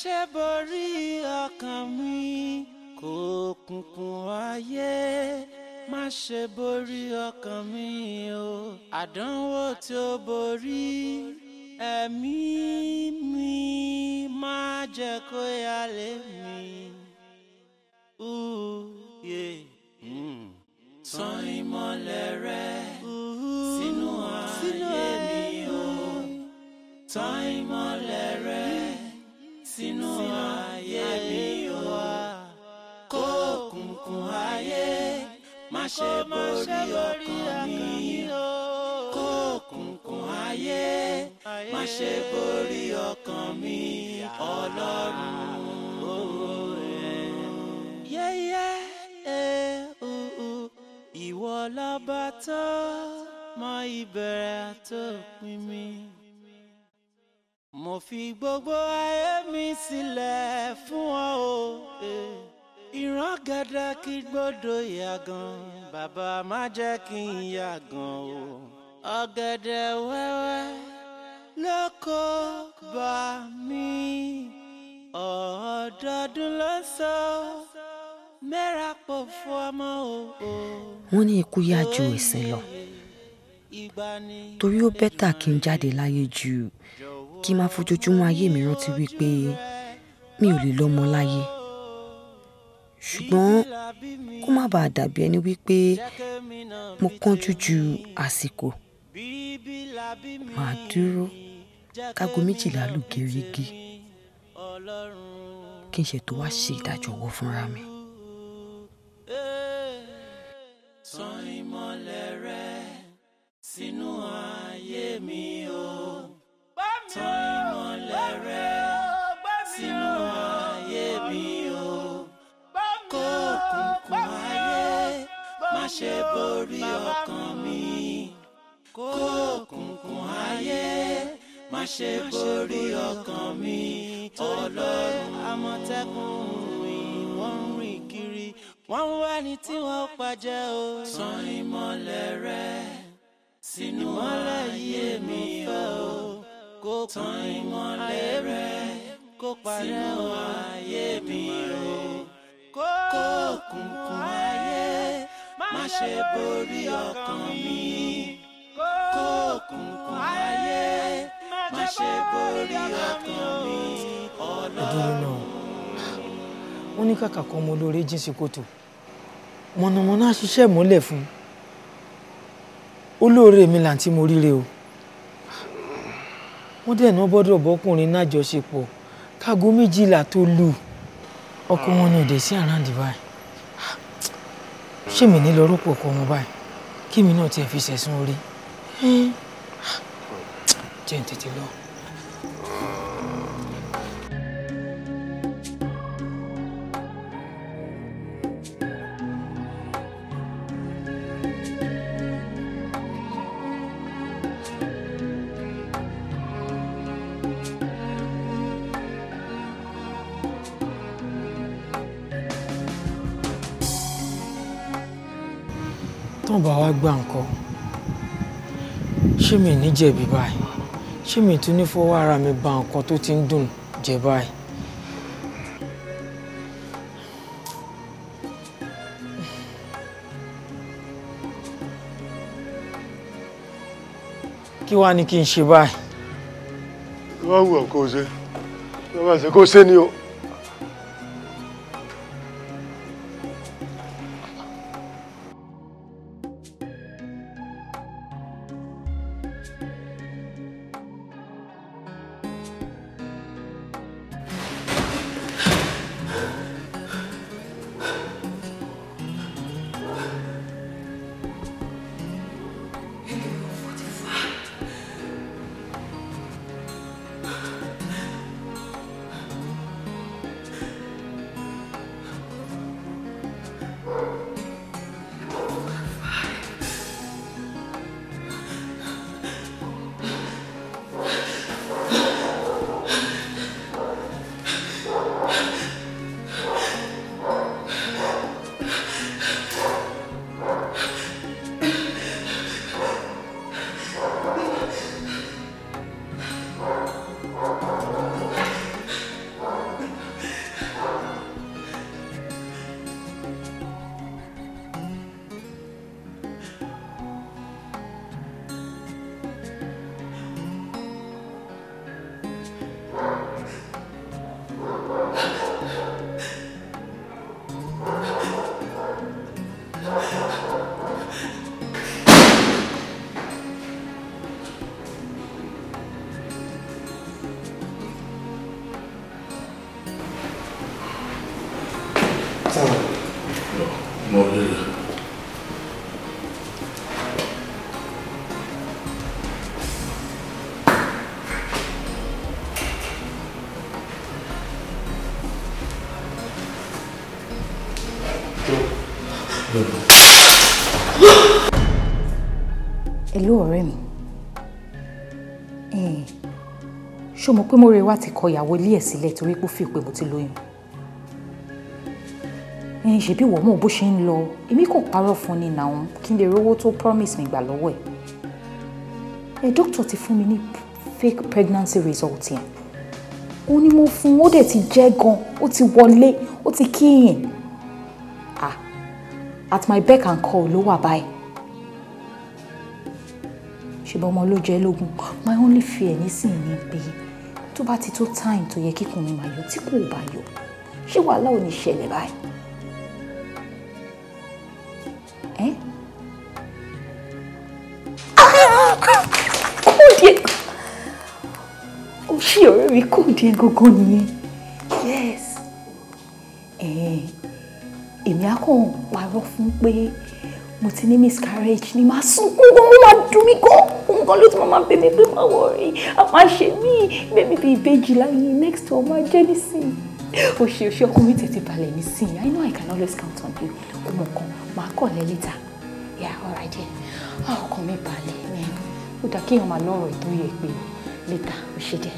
ṣe borí ọkàn mi kò kùnkùn ayé má ṣe borí ọkàn mi o àdánwò tí ó borí ẹ̀mí mi má jẹ́ kó yálé mi. Ooh, yeah. mm. Tan ìmọ̀lẹ̀ rẹ̀ sínú ayé mi o. Tan ìmọ̀lẹ̀ sínú ayé mi o kó òkùnkùn ayé má ṣe borí ọkàn mi kó òkùnkùn ayé má ṣe borí ọkàn mi ọlọ́run yẹ́yẹ́ ìwọ mọ ìbẹ̀rẹ̀ àtòpin mi mo fi gbogbo ayé mi sílẹ̀ fún ọ o ìran gàdá kí gbọ́dọ̀ yàgàn bàbá má jẹ́ kí n yàgàn o ọ̀gẹ̀dẹ̀ wẹ́wẹ́ ló kó bá mi ọ̀ọ́dọ́dún ló sọ mẹ́ra pọ̀ fún ọmọ o. wọ́n ní ikú yá ju ìsìn lọ torí ó bẹ́tà kí n jáde láyé ju kí n máa fojoojúmọ́ ayé mi rántí wípé mi ò lè lọ́mọ láyé ṣùgbọ́n kó má bàa dàbí ẹni wípé mo kánjú ju àsìkò màá dúró kágo méjìlá lù gẹ́rẹ́gẹ́ kí n ṣètò wá ṣe ìdájọ́ ọwọ́ fúnra mi. tan ìmọ̀lẹ̀ rẹ sínú ayé mi o tán ìmọ̀lẹ̀ rẹ sínú ayé mi o kó òkùnkùn ayé má ṣe borí ọkàn mi kó òkùnkùn ayé má ṣe borí ọkàn mi ọlọ́run àmọ̀tẹ́kùn ìwọ̀n rìn kiri wọ́n ń wá tí wọ́n pàjẹ́ o. tan ìmọ̀lẹ̀ rẹ sínú ayé mi o kó kan ìmọ́lẹ̀ rẹ̀ kó parẹ́ o ayé mi o kó kùnkùn ayé má ṣe borí ọkàn mi kó kùnkùn ayé má ṣe borí ọkàn mi ọlọ́run. wọ́n ní kàkà kan ọmọ olóore jí sí kòtò mọ̀nàmọ́ná ṣiṣẹ́ mọ́lẹ̀ fún olóore mi làǹtí mo ríre o wọ́n dẹ̀ náà bọ́dọ̀ bọ́kùnrin náà jọṣepọ̀ kágo méjìlá tó lù ọkọ wọn ni òde sí àràǹdì báyìí ṣèmi ní lọ́rọ́ pọ̀ kọ́ wọn báyìí kémi náà tiẹ̀ fi ṣẹ̀sùn orí jẹ́ ń tètè lọ. tán bá wá gbà nǹkan ṣé mi ní jẹ̀bi báyìí ṣé mi tún ní fọwọ́ ara mi ba nǹkan tó ti ń dùn jẹ báyìí. kí wàá ní kí n ṣe báyìí. wọ́n wù ọ́ kó o ṣe wọ́n ṣe kó o ṣe ni o. hello ọ̀rẹ́ mi eh, ṣó mọ̀ pé mórè wá ti kọ ìyàwó ilé ẹ̀ sílẹ̀ torí pé ó fi pé mo ti lóyún ẹ̀yìn eh, ṣèbí wọ̀ mọ́ bó ṣe ń lọ èmi kò parọ́ fún ni nàún kí n lè rówó tó promise mi gbà lọ́wọ́ ẹ̀ ẹ̀ eh, dókítà ti fún mi ní fake pregnancy result yẹn ó ní mo fún ó dẹ̀ ti jẹ́ gan ó ti wọlé ó ti kíyìn ah at my beck and call ló wà báyìí ṣùgbọ́n ọmọ ló jẹ́ lógún my only fear nísìnyí ni pé tó bá ti tó time tó yẹ kíkùnrin máa yọ tí kò bá yọ ṣé wàhálà ò ní ṣẹlẹ̀ báyìí. ẹ́ kóòdì ó ṣí ọ̀rẹ́ mi kóòdì gógó nìyẹn yes èmi á kàn parọ́ fún pé mo ti ní miscarriage ni màá sunkún gan mo máa dùn mí gan òun gan ló ti máa bẹ mi pé má wọrí a máa ṣe mí bẹ́ẹ̀ bí ìbejì láyé next one máa jẹ́ nísìnyí o ṣe o ṣe ọkùnrin tètè balẹ̀ nísìnyí I know I can always count on you kò mọ̀ kan màá kọ̀ lẹ́ lẹ́ta yeah alright then ah ọkàn mi balẹ̀ ẹ̀ ó dà kéèyàn máa lọ́rùn ètò yẹ pé lẹ́ta ó ṣe dẹ́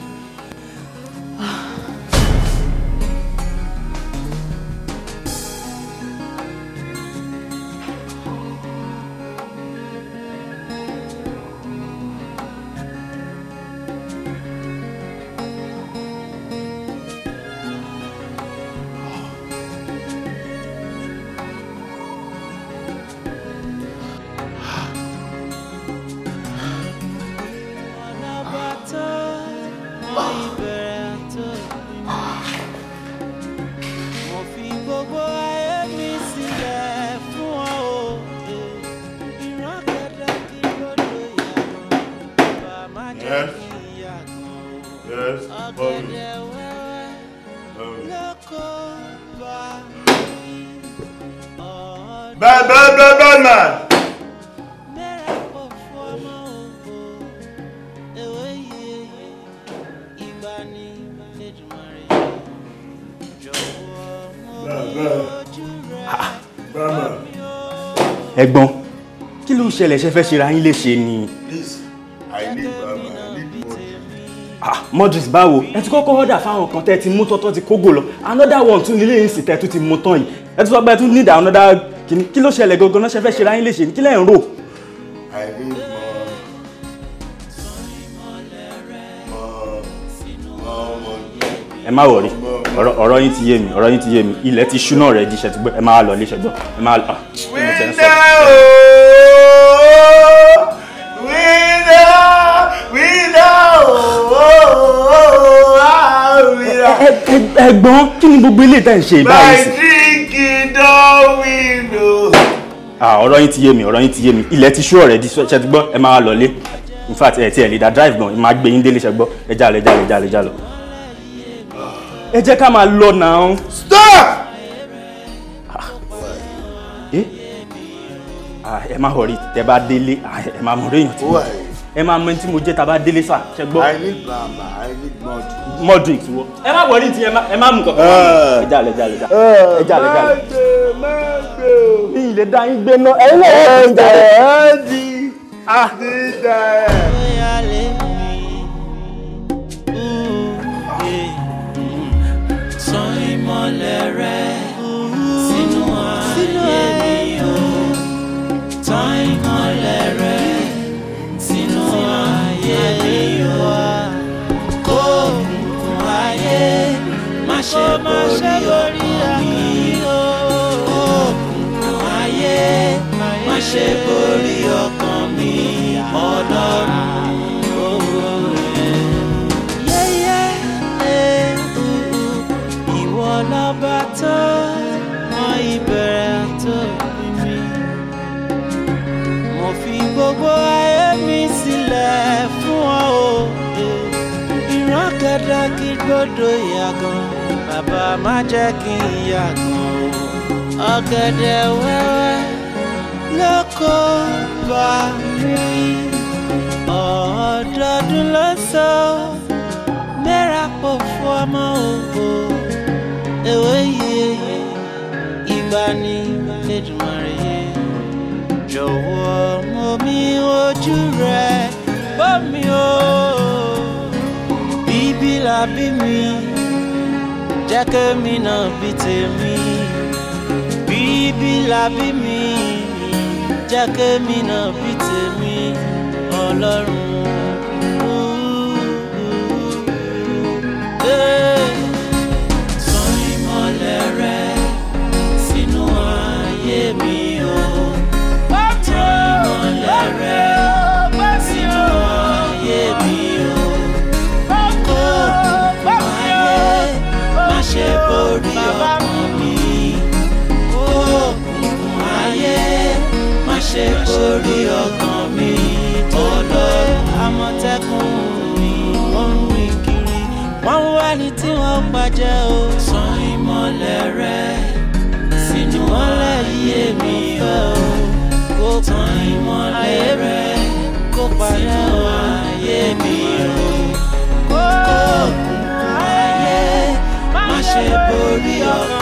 ṣẹlẹ̀ ṣe fẹ́ ṣe ra yín léṣe ni. please i need um, i need money. ah Morris báwo ẹ ti kọ́kọ́ order fáwọn kan tẹ́ ti mú tọ́tọ́ ti kógò lọ another one tún nílé yín sì tẹ́ tún ti mú tán yìí ẹ tún sọ pé ẹ tún need another kìíní kí ló ṣẹlẹ̀ gangan náà ṣe fẹ́ ṣe ra yín léṣe ni kí lẹ́ ń rò. i need money. ẹ má wọrí ọ̀rọ̀ yín ti yé mi ọ̀rọ̀ yín ti yé mi ilẹ̀ ti ṣúná rẹ̀ di ṣẹ̀túgbẹ́ ẹ máa lọ ilé ṣẹ̀gbọ́n ẹ máa lọ. Oh, oh, oh, ah, ẹ̀gbọ́n kí ni gbogbo ilé tẹ́ ń ṣe báyìí sí. my drink don win o. Ah, ọ̀rọ̀ yín ti yé mi ọ̀rọ̀ yín ti yé mi ilẹ̀ ti ṣú ọ̀rẹ́ di ṣe ti gbọ́ ẹ máa lọ lé in fact ẹ ti ẹ̀ lè da drive gan ẹ máa gbé yín délé ṣe gbọ́ ẹ já lọ ẹ já lọ ẹ já lọ. ẹ jẹ́ ká máa lọ náà. stop. Ah, ẹ má họrí tẹ bá délé ah, ẹ má mọ̀rẹ́ èèyàn tí mo ẹ má mọ tí mo jẹ́ tá bá délé sà ṣe gbọ́. I need bàbà I need mud. mud drink tiwọ ẹ má wọrí ti ẹ má mú kankan. Eh. ẹ jalè jalè jalè ẹ jalè jalè. Eh. mẹ́gbẹ́ mẹ́gbẹ́. mi ì lè dá yín gbé náà ẹ ń lọ eh, ẹ ń jalè. ẹ di di dẹ. sọ ìmọ̀lẹ̀ ṣe borí orí òkùnkùn ayé má ṣe ọkàn mi ọlọ́run. Ọlọ́ba tó mọ ìbẹ̀rẹ̀ àtòkùn mi. Mo fi gbogbo ayé mi sílẹ̀ fún ọ o. Ìran kẹ̀dá kí gbọ́dọ̀ yàgàn bàbá má jẹ́ kí n yàgàn o ọ̀gẹ̀dẹ̀ wẹ́wẹ́ ló kó bá mi ọ̀ọ́dọ́dún ló sọ mẹ́ra pò fún ọmọ ògbó ewé yeye ìgbà ni Èdùmàrè yẹn jọ̀wọ́ mo mi ojú rẹ bọ́ mi o bíbí làbí mi jẹ́ kémi náà bí tèmi bíbí làbí mi jẹ́ kémi náà bí tèmi ọlọ́run. Tan ìmọ́lẹ̀ rẹ sínú ayé mi o, tan ìmọ́lẹ̀ rẹ. ṣe borí ọkàn mi tó lọ àmọ̀tẹ́kùn mi ń rìn kiri wọ́n ń wá ní tí wọ́n pàjẹ́ o. sàn ìmọ̀lẹ̀ rẹ sínú ọ̀lẹ́ iye mi o kó tàn ìmọ̀lẹ̀ rẹ kó parẹ́ o ayé mi o kó kún ayé má ṣe borí ọkàn.